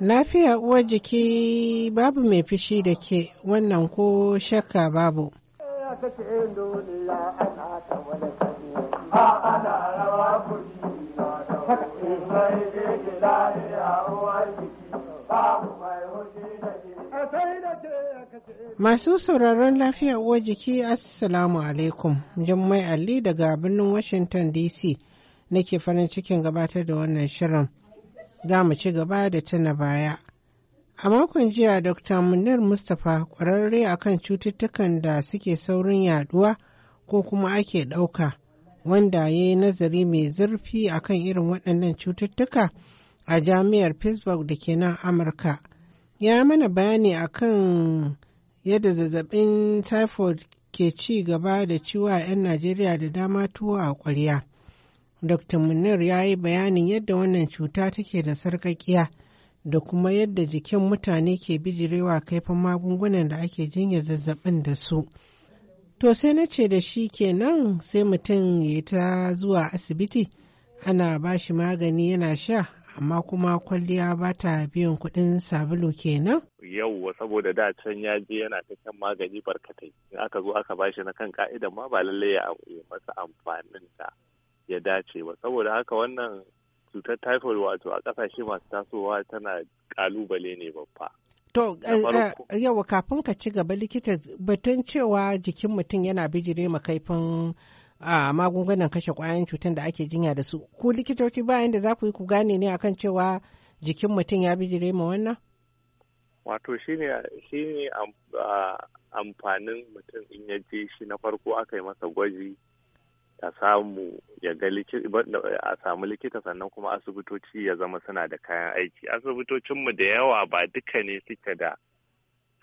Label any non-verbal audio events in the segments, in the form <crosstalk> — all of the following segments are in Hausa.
Lafiya uwar jiki babu mai fushi da ke wannan ko shakka babu. Masu sauraron lafiya uwar jiki Assalamu alaikum, Jummai Ali daga birnin Washington DC nake farin cikin gabatar da wannan shirin. Za mu ci gaba da tuna baya. A makon jiya Dr. Munir Mustapha ƙwararre akan cututtukan da suke saurin yaduwa ko kuma ake ɗauka, wanda ya yi nazari mai zurfi akan irin waɗannan cututtuka a jami'ar Pittsburgh da ke nan Amurka. ya mana bayani a kan yadda zazzabin typhoid ke ci gaba da ciwa 'yan Najeriya da dama tuwo a ƙwarya. Dr. Munir ya yi bayanin yadda wannan cuta take da sarƙaƙiya da kuma yadda jikin mutane ke bijirewa kaifin magungunan da ake jinya zazzabin da su. To sai na ce da shi kenan sai mutum ya ta zuwa asibiti ana ba shi magani yana sha amma kuma kwalliya ba ta biyan kuɗin sabulu kenan. Yauwa saboda da can ya je yana ta kan magani barkatai in aka zo aka bashi na kan ka'idan ma ba lallai ya masa amfanin ta ya dace ba saboda haka wannan cutar typhoid wato a ƙasashe masu tasowa tana kalubale ne babba. To, eh, eh, kafin ka ci gaba likita batun cewa jikin mutum yana bijire makaifin a magungunan kashe kwayan cutan da ake jinya da su ku likitoci bayan da za ku yi ku gane ne akan cewa jikin mutum ya bijire ma wannan wato shine shine amfanin mutum in ya je shi na farko aka yi masa gwaji a samu ya ga a samu likita sannan kuma asibitoci ya zama suna da kayan aiki asibitocinmu da yawa ba duka ne suke da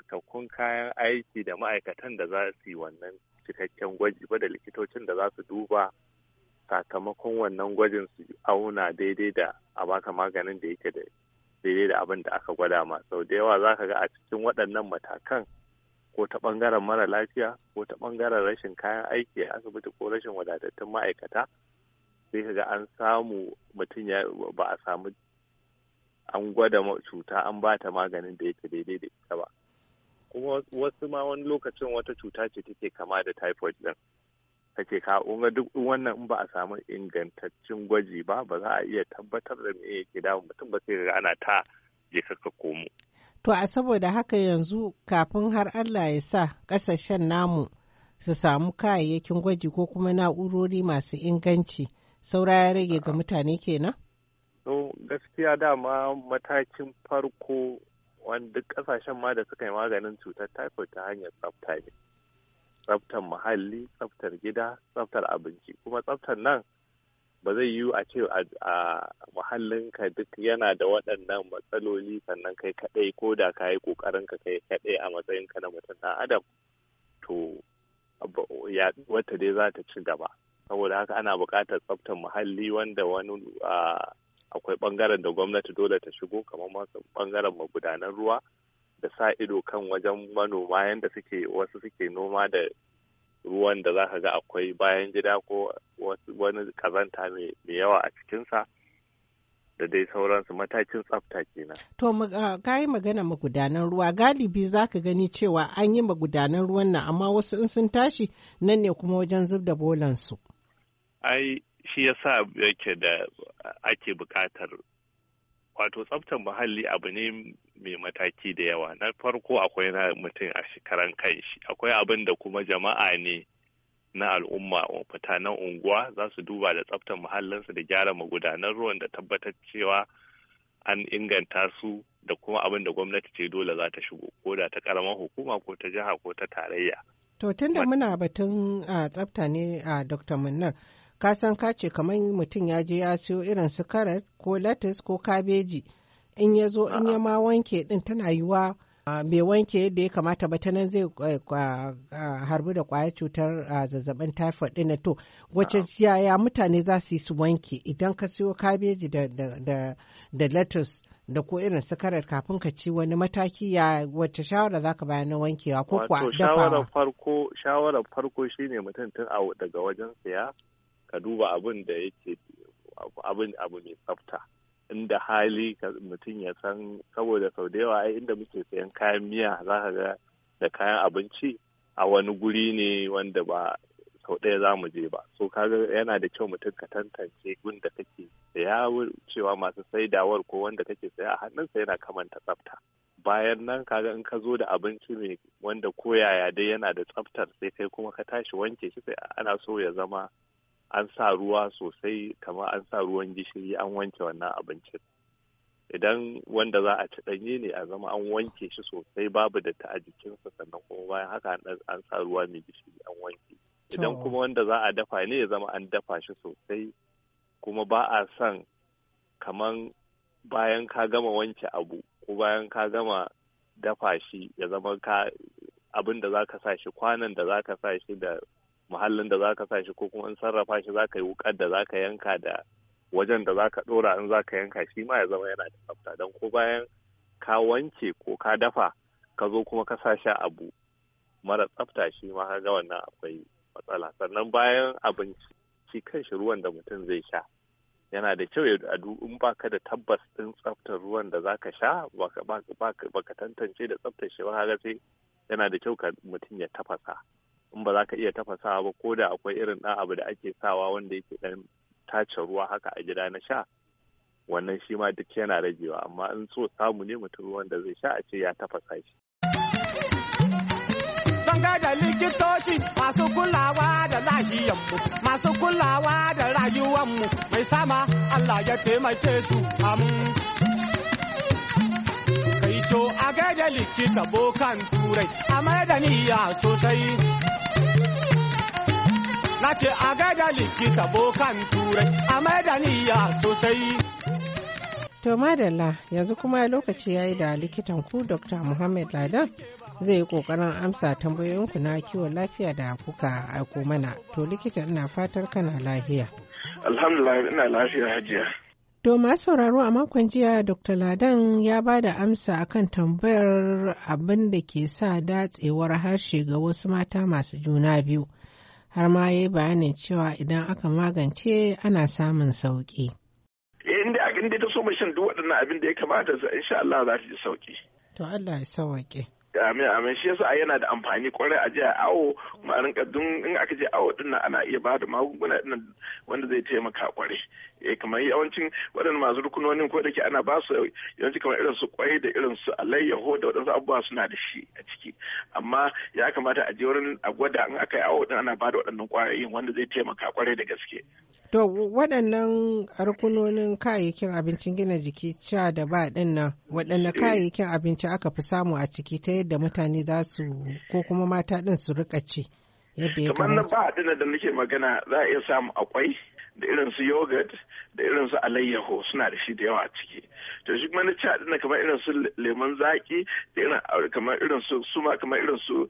cikakkun kayan aiki da ma'aikatan da za su yi wannan cikakken gwaji ba da likitocin da za su duba sakamakon wannan gwajin su auna daidai da a baka maganin da yake da daidai da abin da aka gwada ma sau da yawa za ka ga a cikin waɗannan matakan ko ta ɓangaren mara lafiya ko ta ɓangaren rashin kayan aiki a asibiti ko rashin wadatattun ma'aikata sai ka ga an samu mutum ya ba a samu an gwada cuta an ba ta maganin da yake daidai da ita ba kuma wasu ma wani lokacin wata cuta ce take kama da typhoid din kake ka unga duk wannan in ba a samu ingantaccen gwaji ba ba za a iya tabbatar da me yake damun mutum ba sai ga ana ta je kaka komo to a saboda haka yanzu kafin har Allah ya sa kasashen namu su samu kayayyakin gwaji ko kuma na'urori masu inganci saura ya rage ga mutane kenan? to gaskiya dama matakin farko wani duk kasashen ma da suka yi maganin cutar typhoid ta hanyar tsafta ne tsaftar muhalli tsaftar gida tsaftar abinci kuma tsaftar nan ba zai yiwu a ce a muhallin ka duk yana da waɗannan matsaloli sannan kai kaɗai ko da ka yi ƙoƙarin ka kai kaɗai a matsayinka na mutum ɗan adam to wata dai za ta ci gaba saboda haka ana buƙatar tsaftar muhalli wanda wani akwai bangaren da gwamnati dole ta shigo kamar masu bangaren magudanan ruwa da sa ido kan wajen manoma yadda suke wasu suke noma da ruwan da za ka ga akwai bayan gida ko wani kazanta mai yawa a cikinsa da dai sauransu matakin tsafta kenan. To ah, ka yi magana magudanan ruwa galibi za ka gani cewa an yi magudanan ruwan nan amma wasu in sun tashi nan ne kuma wajen zub da bolansu. Ai shi ya sa yake da ake bukatar wato tsaftar muhalli abu ne mai mataki da yawa na farko akwai na mutum a shekaran shi akwai abin da kuma jama'a ne na al'umma na unguwa za su duba da tsaftar muhallinsu da gyara magudanan ruwan da tabbatar cewa an inganta su da kuma abin da gwamnati ce dole za ta shigo ko da ta karamar hukuma ko ta jiha ko ta tarayya. To tunda muna batun a ah, tsafta ne ah, a Dr. Munnar ka san ka ce kamar mutum ya je ya siyo irin su karat ko latas ko kabeji in ya zo in ya ma wanke din tana yiwa bai wanke yadda ya kamata ba ta nan zai eh, harbi da kwaya cutar zazzabin typhoid din to wacce yaya mutane za su yi su wanke idan ka siyo kabeji da latas da ko irin karat kafin ka ci wani mataki ya wacce shawara ka bayan na wankewa ko kwa dafawa shawarar farko farko shine mutum tun daga wajen siya ka duba abin da yake abin abu mai tsafta inda hali mutum ya san saboda sau da yawa ai inda muke sayan kayan miya za ka ga da kayan abinci a wani guri ne wanda ba sau ɗaya za mu je ba so ka ga yana da kyau mutum ka tantance gun da kake saya cewa masu saidawar ko wanda kake saya a hannunsa yana kamanta tsafta bayan nan kaga in ka zo da abinci mai wanda koyaya dai yana da tsaftar sai kai kuma ka tashi wanke shi sai ana so ya zama an sa ruwa sosai kamar an sa ruwan gishiri an wanke wannan abincin idan wanda za a ci ɗanye ne a zama an wanke shi sosai babu da ta a jikinsa sannan kuma bayan haka an sa ruwa mai gishiri an wanke idan kuma wanda za a dafa ne ya zama an dafa shi sosai kuma ba a son kaman bayan ka gama wanke abu ko bayan ka gama dafa shi ya zama ka abin da za ka sa shi kwanan da za ka sa shi da muhallin da za ka sa shi ko kuma in sarrafa shi za ka yi wukar da za ka yanka da wajen da za zaka dora in ka yanka shi ma ya zama yana da tsafta don ko bayan ka wanke ko ka dafa ka zo kuma ka sa shi abu mara tsafta shi ma ga wannan akwai matsala sannan bayan abinci shi shi ruwan da mutum zai sha yana da kyau a in baka da tabbas ɗin tsaftar ruwan da za ka sha baka tantance da tsaftar shi ba ga sai yana da kyau ka mutum ya tafasa in ba za ka iya tafasawa ba ko da akwai irin ɗan abu da ake sawa wanda yake ɗan tace ruwa haka a gida na sha wannan shi ma duk yana ragewa amma in so samu ne mutum ruwan da zai sha a ce ya tafasa shi. Sun da likitoci masu kulawa da lahiyanmu, masu kulawa da rayuwanmu mai sama Allah ya taimake su Kai a gaida likita bokan turai, a da niyya sosai. na ce a gaida likita bokan turai a maidaniya sosai to madalla yanzu kuma lokaci ya yi da likitan ku dr muhammad ladan zai yi kokarin amsa tambayoyinku na kiwon lafiya da kuka aiko mana to likita ina fatar kana lafiya alhamdulillah ina lafiya hajiya To masu sauraro a makon jiya Dr. Ladan ya ba da amsa akan tambayar abin da ke sa datsewar harshe ga wasu mata masu juna biyu. har ma yi bayanin cewa idan aka magance ana samun sauƙi. Eh, inda a inda ta so mai shan duk waɗannan abin da ya kamata insha Allah za ta ji sauƙi. To Allah ya sauƙe. amin amin shi yasa yana da amfani kwarai a je a awo kuma a rinka dun in aka je awo din ana iya ba da magunguna wanda zai taimaka kwarai eh kamar yawancin waɗannan masu rukunonin ko da ke ana ba su yawanci kamar irin su kwai da irin su alayyaho da waɗansu abubuwa suna da shi a ciki amma ya kamata a je wurin a gwada in aka yi awo din ana ba da waɗannan kwayoyin wanda zai taimaka kwarai da gaske. To waɗannan rukunonin kayayyakin abincin gina jiki ca da ba ɗin nan waɗanne eh. kayayyakin abinci aka fi samu a ciki ta yadda mutane za su ko kuma mata ɗin su riƙa ci. Kamar na ba ɗin da nake magana za a iya samu akwai da irin su yogurt da irin su alayyaho suna da shi da yawa a ciki to shi kuma na ci na kamar irin su lemon zaki da irin kamar irin su suma kamar irin su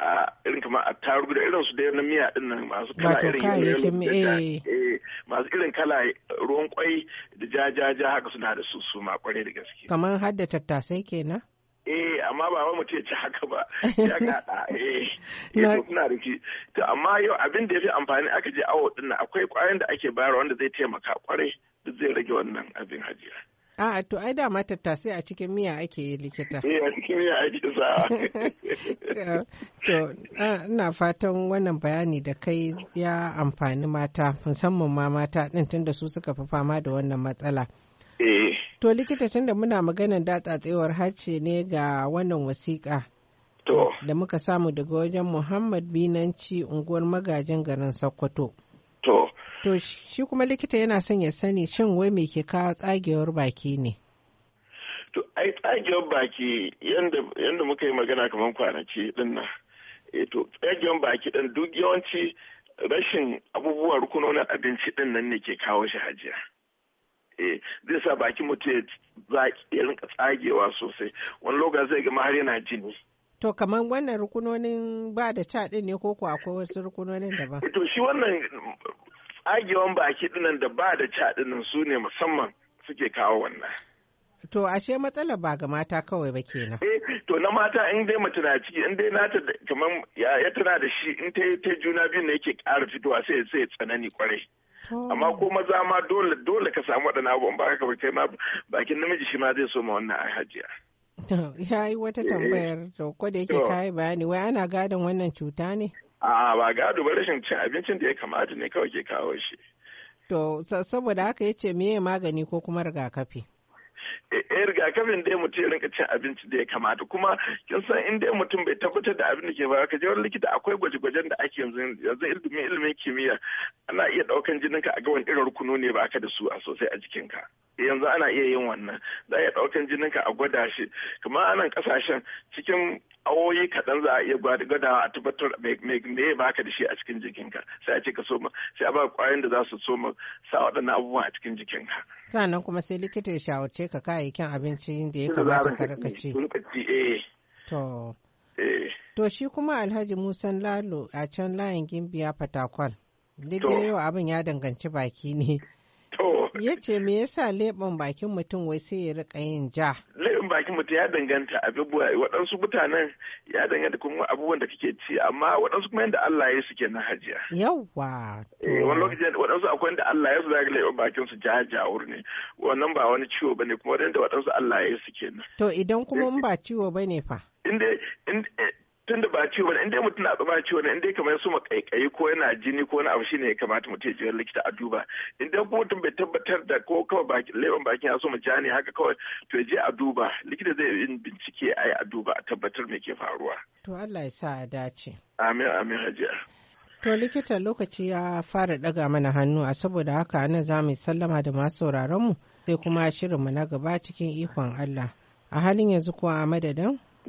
a irin kamar a tarugu da irin su da na miya din nan masu kala irin eh. Eh, masu irin kala eh, ruwan kwai da jajaja haka suna da su suma kwarai da gaske kamar hadda tattasai kenan amma ba mutum ya ci haka ba <laughs> ya kada eh, eh ina da to amma yau abin da ya fi amfani aka je awo dinnan akwai kwayan da ake bayarwa wanda zai taimaka kwarai duk zai rage wannan abin hajiya A'a to ai da dama sai a cikin miya ake yi likita. Eh a cikin miya ake sa. <laughs> To ina fatan wannan bayani da kai ya amfani mata musamman ma mata din tunda su suka fi fama da wannan matsala. Eh. To likita tun da muna maganar datsatsewar hacce ne ga wannan wasiƙa. Da muka samu daga wajen Muhammad Binanci unguwar magajin garin Sokoto. To. shi kuma likita yana son ya sani shin wai me ke kawo tsagewar baki ne? To ai tsagewar baki yadda muka yi magana kamar kwanaki din E eh to tsagewar baki din duk yawanci rashin abubuwan rukunonin abinci dinnan ne ke kawo shi hajiya. Eh, zai sa baki mutum ya ya rinka tsagewa sosai wani lokaci zai gama har yana jini To kamar wannan rukunonin ba da ca ne ko ko wasu rukunonin daban? Eh, to shi wannan tsagewan baki dinan da ba da ca su ne musamman suke kawo wannan. To ashe matsalar ba ga mata kawai ba kenan. Eh to na mata in dai mace na ciki in dai nata kamar ya tana da shi in ta ta juna biyu ne yake ƙara fitowa sai sai tsanani kwarai. amma oh. ko maza ma dole dole ka samu waɗannan abubuwan ba ka kai ma bakin namiji shi ma zai so ma wannan ai hajiya <laughs> ya yi wata eh. tambayar to ko da yake kai bayani wai ana gadon wannan cuta ne a ba gado ba rashin cin abincin da ya kamata ne kawai ke kawo shi to saboda haka yace meye magani ko kuma rigakafi eh rigakafin dai mutum ya rinka cin abinci da ya kamata kuma kin san in dai mutum bai tabbatar da abin da ke ba ka wani likita akwai gwaje-gwajen da ake yanzu yanzu ilimin ilimin kimiyya ana iya daukan jininka a ga wani irin rukunu ne ba ka da su a sosai a jikinka eh, yanzu ana iya yin wannan za a iya daukan ka a gwada shi kamar anan kasashen cikin awoyi kaɗan za a iya gwada a tabbatar me ya baka da shi a cikin jikinka sai a ce ka soma sai a ba kwayoyin da za su soma sa waɗannan abubuwa a cikin jikinka. sannan kuma sai likita ya shawarce ka kayayyakin abinci da ya kamata ka raka ci. Eh. Eh. To. shi kuma Alhaji Musa Lalo a can layin Gimbiya Fatakwal. Duk da yau abin ya danganci baki ne. To. Ya ce me yasa leɓen bakin mutum wai sai ya rika yin ja. bakin mutum ya danganta abubuwa waɗansu mutanen ya danganta kuma abubuwan da kake ci amma waɗansu kuma yadda Allah ya suke na hajiya. Yawwa. Eh, wani lokaci waɗansu akwai yadda Allah ya su zaka laifin bakin su jajawur ne wannan ba wani ciwo ba ne, kuma yadda waɗansu Allah ya suke na. To idan kuma eh, in ba ciwo ba ne fa. Eh, tunda ba ciwo bane indai mutum na ba ciwo ne indai kamar su makaikayi ko yana jini ko wani abu shine ya kamata mu ya je likita a duba inda kuma mutum bai tabbatar da ko kawai baki leban bakin ya so mu ja ne haka kawai to ya je a duba likita zai yi bincike a yi a duba a tabbatar me ke faruwa to Allah ya sa a dace amin amin hajiya To likita lokaci ya fara daga mana hannu a saboda haka ana za mu sallama da masu sauraronmu sai kuma shirinmu na gaba cikin ikon Allah. A halin yanzu kuwa a madadin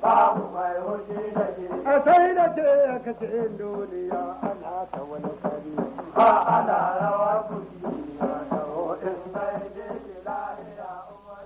asai da ce a sai da ke ka ce duniya ana ta wani kari ana rawa